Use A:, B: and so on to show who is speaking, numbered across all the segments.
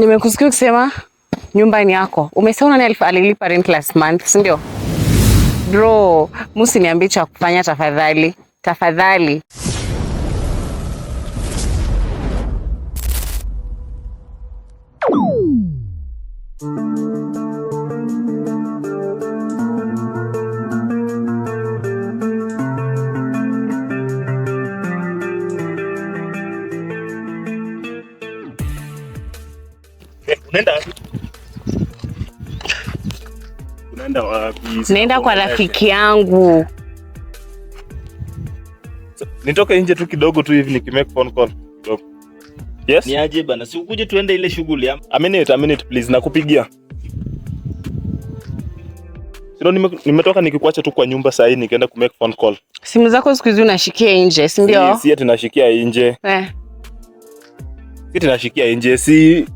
A: Nimekusikia ukisema nyumba ni yako. Umesema nani alilipa rent last month, si ndio? Bro, niambie cha kufanya tafadhali. Tafadhali. kabisa. Naenda kwa rafiki yangu.
B: Nitoke nje tu kidogo tu hivi niki make phone call. kidogo. Yes? Ni
A: aje bana, si ukuje tuende ile shughuli.
B: A minute, a minute please, nakupigia. Sio nimetoka nikikuacha tu kwa nyumba saa hii nikaenda ku make phone call.
A: Simu zako siku hizi unashikia nje, si ndio?
B: Si tunashikia nje. Eh. Si tunashikia nje, si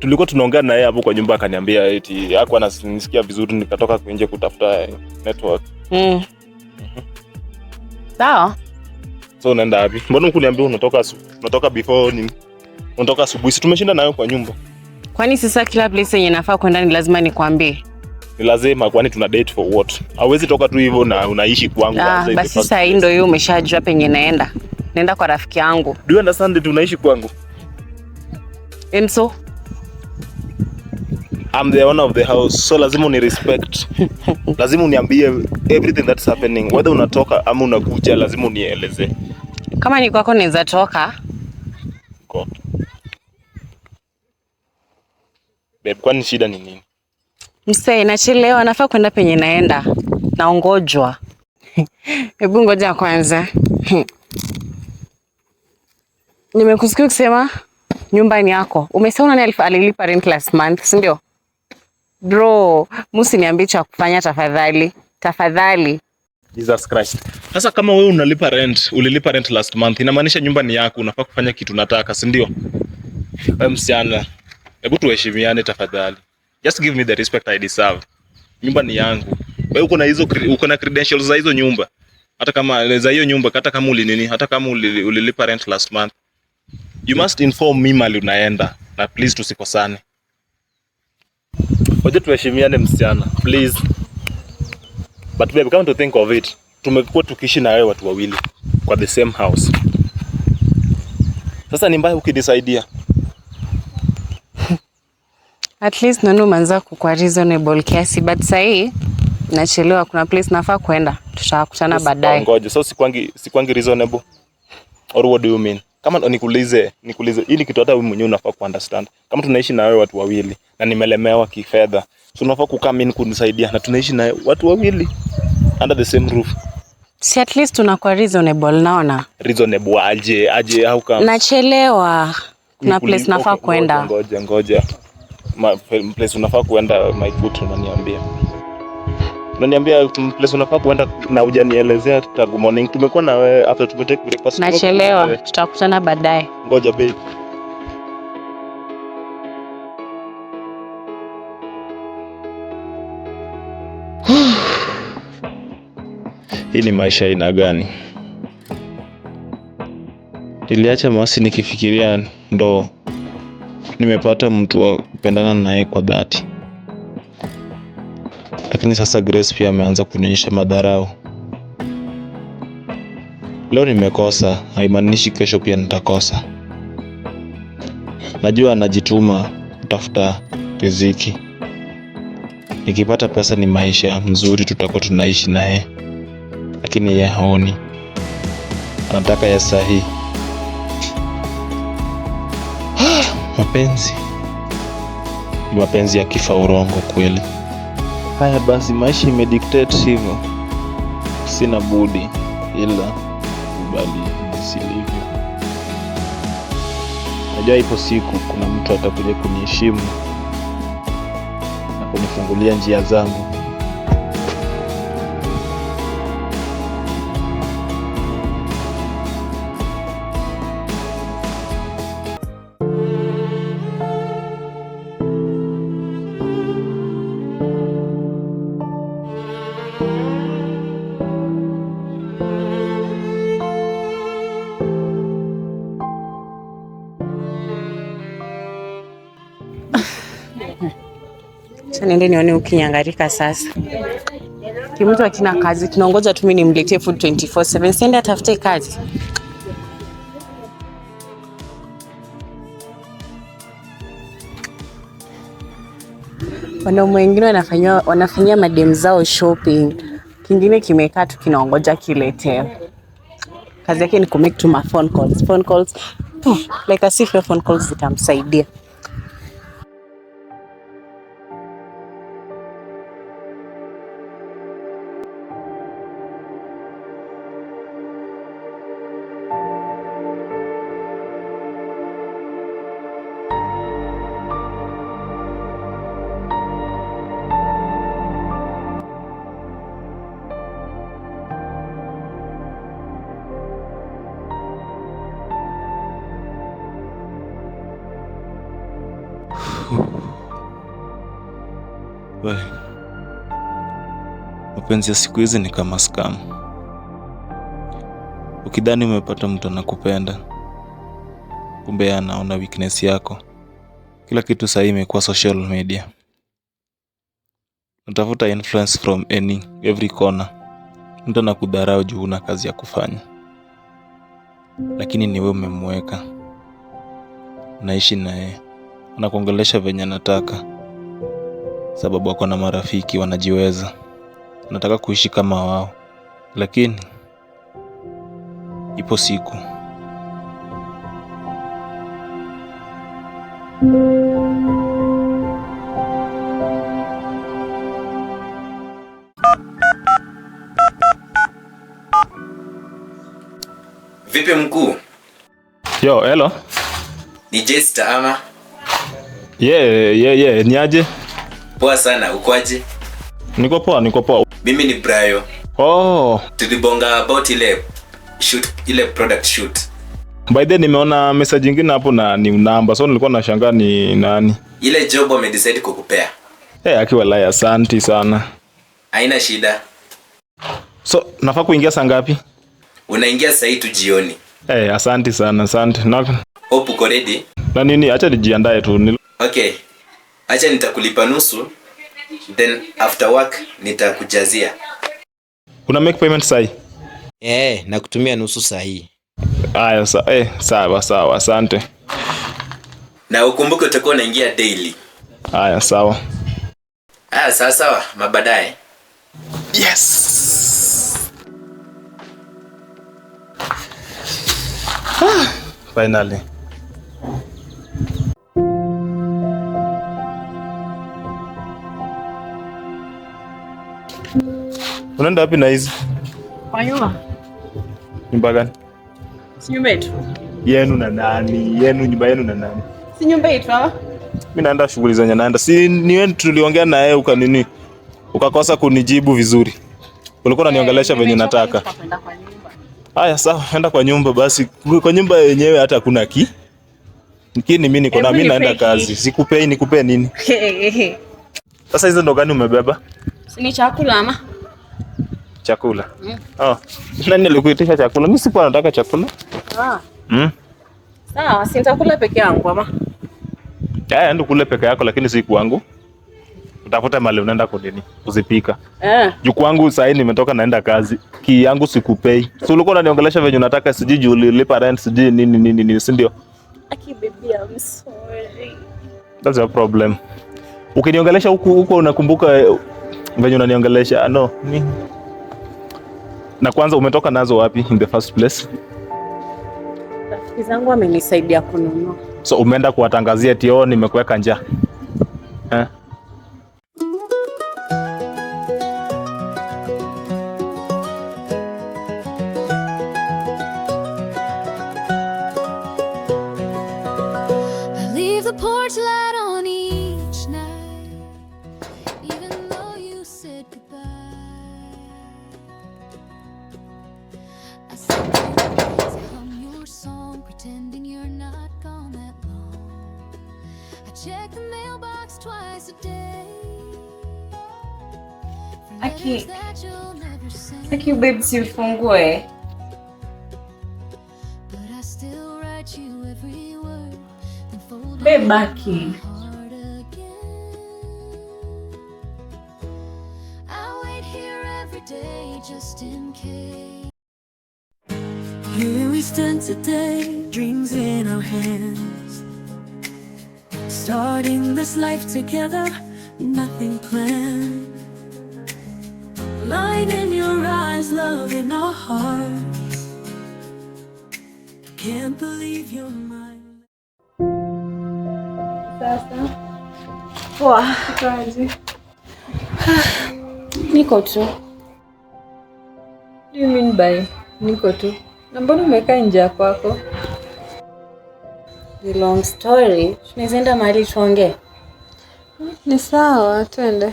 B: tulikuwa tunaongea na yeye hapo kwa nyumba, akaniambia eti hakuwa anasikia vizuri, nikatoka nje kutafuta network. Mm. Sawa. So unaenda wapi? Mbona ukuniambia unatoka unatoka before ni unatoka asubuhi? Si tumeshinda nayo kwa nyumba.
A: Kwani sasa kila place yenye nafaa kwenda ni lazima nikwambie?
B: Ni lazima, kwani tuna date for what? Hauwezi toka tu hivyo na unaishi kwangu.
A: Ah, basi sasa hii ndio hiyo, umeshajua penye naenda. Naenda kwa rafiki yangu.
B: Do you understand? Tunaishi kwangu. And I'm the owner of the house so lazima uni respect, lazima uniambie everything that's happening, whether unatoka ama unakuja, lazima unieleze.
A: Kama ni kwako naweza toka Go.
B: Babe, kwani shida ni nini?
A: Msee, nachelewa, nafaa kwenda penye naenda, naongojwa. Hebu ngoja kwanza. Nimekusikia ukisema nyumba ni yako, umesema nani alilipa rent last month, si ndio? bro, musi msiniambie cha kufanya tafadhali, tafadhali.
B: Jesus Christ. Sasa kama wewe unalipa rent, ulilipa rent last month, inamaanisha nyumba ni yako, unafaa kufanya kitu nataka, si ndio? Wewe eh, msichana, hebu tuheshimiane tafadhali. Just give me the respect I deserve. Nyumba ni yangu. Wewe uko na hizo uko na credentials za hizo nyumba. Hata kama za hiyo nyumba, hata kama uli nini, hata kama ulilipa rent last month. You must inform me mali unaenda. Na please tusikosane. Waje tuheshimiane msichana, please. But babe, come to think of it, tumekuwa tukiishi na wewe watu wawili kwa the same house. Sasa ni mbaya ukidisaidia.
A: At least Nunu manza kukwa reasonable kiasi, but sahi nachelewa, kuna place nafaa kwenda, tutakutana baadaye.
B: Ngoja, so sikwangi, sikwangi reasonable. Or what do you mean? kama nikuulize, nikuulize, hii ni kitu hata wewe mwenyewe unafaa kuunderstand. Kama tunaishi na wewe watu wawili na nimelemewa kifedha, so unafaa kukaa mimi kunisaidia, na tunaishi na watu wawili under the same roof.
A: Si at least tunakuwa reasonable, naona
B: reasonable aje aje? How come
A: nachelewa? Kuna place nafaa kwenda.
B: Ngoja ngoja, place unafaa kwenda, my foot unaniambia Unaniambia place unafaa kuenda na hujanielezea tangu morning. Tumekuwa na wewe after tume take breakfast.
A: Nachelewa, tutakutana baadaye.
B: Ngoja babe. Hii ni maisha aina gani? Niliacha Masi nikifikiria ndo nimepata mtu wa kupendana naye kwa dhati lakini sasa Grace pia ameanza kunionyesha madharau. Leo nimekosa, haimaanishi kesho pia nitakosa. Najua anajituma kutafuta riziki, nikipata pesa ni maisha mzuri tutakuwa tunaishi naye, lakini yeye haoni, anataka ya sahihi. Ah, mapenzi ni mapenzi ya kifa urongo kweli. Haya basi, maisha imedictate hivyo, sina budi ila kubali jinsi Najua ipo siku kuna mtu atakuja kuniheshimu na kunifungulia njia zangu.
A: Sasa niende nione ukinyangarika sasa. Kimtu akina kazi tunaongoza tu, mimi nimletee food 24/7, siende atafute kazi. Wanaume wengine wanafanyia wanafanyia madem zao shopping, kingine kimekaa tu kinaongoja kiletee. Kazi yake ni kumake tu ma phone calls, phone calls like as if your phone calls zitamsaidia
B: mapenzi ya siku hizi ni kama scam. Ukidhani umepata mtu anakupenda, kumbe anaona weakness yako. Kila kitu sahii imekuwa social media, natafuta influence from any every corner. Mtu anakudharau juu una kazi ya kufanya, lakini ni wewe umemweka, unaishi naye, anakuongelesha venye anataka, sababu ako na marafiki wanajiweza nataka kuishi kama wao, lakini ipo siku
C: Vipi mkuu? Yo, hello. Ni Jester ama?
B: Yeah, yeah, yeah, niaje?
C: Poa sana, ukoaje?
B: Niko poa, niko poa
C: mimi ni Brayo.
B: Oh.
C: Tulibonga about ile shoot, ile product shoot.
B: By the nimeona message ingine hapo na ni namba, so nilikuwa nashangaa ni nani.
C: Ile job amedecide kukupea. Eh,
B: hey, akiwa laya, asante sana.
C: Haina shida.
B: So nafaa kuingia saa ngapi?
C: Unaingia saa hii tu jioni.
B: Eh, hey, asante sana, asante. Na
C: hope uko ready.
B: Na nini, acha nijiandae tu.
C: Okay. Acha nitakulipa nusu then after work nitakujazia.
B: Una make payment sahi?
C: Eh, na kutumia nusu sahi.
B: Aya, sa eh, sawa sawa, asante.
C: Na ukumbuke utakuwa unaingia daily.
B: Aya, sawa.
C: Aya, sawa sawa, mabadaye.
B: Yes. Ah, finally. Unaenda wapi na hizi? Kwa nyumba. Nyumba gani? Si nyumba yetu. Yenu na nani? Yenu nyumba yenu na nani?
A: Si nyumba yetu hapa.
B: Mimi naenda shughuli zangu naenda. Si ni wewe tuliongea na yeye uka nini? Ukakosa kunijibu vizuri. Ulikuwa unaniongelesha hey, eh, venye nataka. Haya sawa, enda kwa nyumba basi. Kwa nyumba yenyewe hata hakuna ki. Nikini mimi niko na mimi naenda kazi. Sikupei nikupe nini? Sasa hizo ndo gani umebeba?
A: Si ni chakula ama?
B: chakula mm. Oh, nani alikuitisha chakula? Mimi sikuwa nataka chakula ah.
A: Mm. Sawa, si nitakula peke yangu ama?
B: Haya, ndio kule peke yako, lakini si kwangu. Utafuta mali unaenda kudini kuzipika eh. Juu kwangu sasa nimetoka naenda kazi, ki yangu sikupei. Si ulikuwa unaniongelesha venye unataka siji juu ulipa rent siji nini nini nini, si ndio?
A: Aki baby, I'm sorry.
B: That's a problem. Ukiniongelesha huku huko unakumbuka eh, venye unaniongelesha ah, no, mimi na kwanza umetoka nazo wapi in the first place?
A: Rafiki zangu amenisaidia kununua.
B: So umeenda kuwatangazia tio oh, nimekuweka njaa eh?
A: Aqui. Aqui o Baby Silfungo é. Beba aqui. Just in case distant today, dreams in our hands.
D: Starting this life together, nothing planned. Light in your eyes, love in our hearts. Can't believe you're mine. Poa. Niko tu. What
E: do you mean by Niko tu? Na mbona umekaa nje ya kwako?
D: The long story. Tunaenda mahali tuongee.
E: Ni sawa, twende.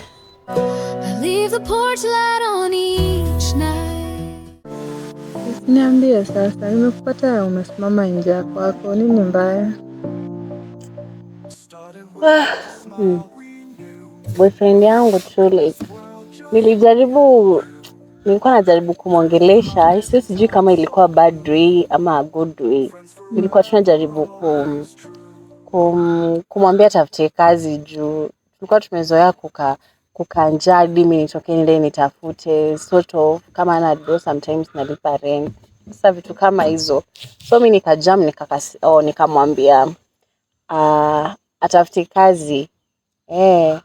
E: Leave the porch light on each night. Niambie sasa, nimekupata umesimama nje ya kwako, nini mbaya?
D: Ah, hmm. Boyfriend yangu tu like nilijaribu nilikuwa najaribu kumwongelesha, sio sijui kama ilikuwa bad way ama good way. Nilikuwa tunajaribu kum, kum, kumwambia tafute kazi juu tulikuwa tumezoea kuka kukaa njaa hadi mimi nitoke nitafute sort of kama ana do sometimes nalipa rent sasa vitu kama hizo so mi nikajam nikakasi oh, nikamwambia uh, atafute kazi eh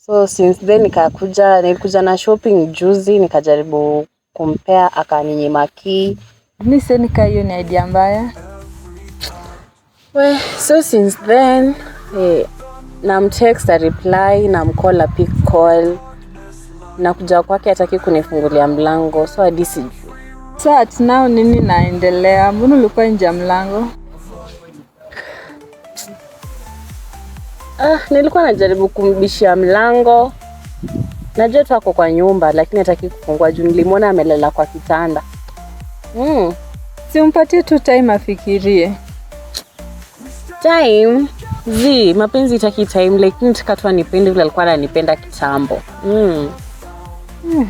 D: So since then nikakuja, nilikuja na shopping juzi, nikajaribu kumpea akaninyima key.
E: Mimi sasa nika hiyo ni idea mbaya.
D: Well, so since then eh, namtext a reply, namcall a pick call. Na kuja kwake hataki kunifungulia mlango, so hadi sijui.
E: Sasa now nini naendelea? Mbona ulikuwa nje ya mlango?
D: Ah, nilikuwa najaribu kumbishia mlango. Najua tu ako kwa nyumba lakini hataki kufungua juu nilimwona amelala kwa kitanda.
E: Mm. Simpatie tu time afikirie.
D: Time zi mapenzi itaki time lakini tukatwa nipende vile alikuwa ananipenda kitambo. Mm. Mm.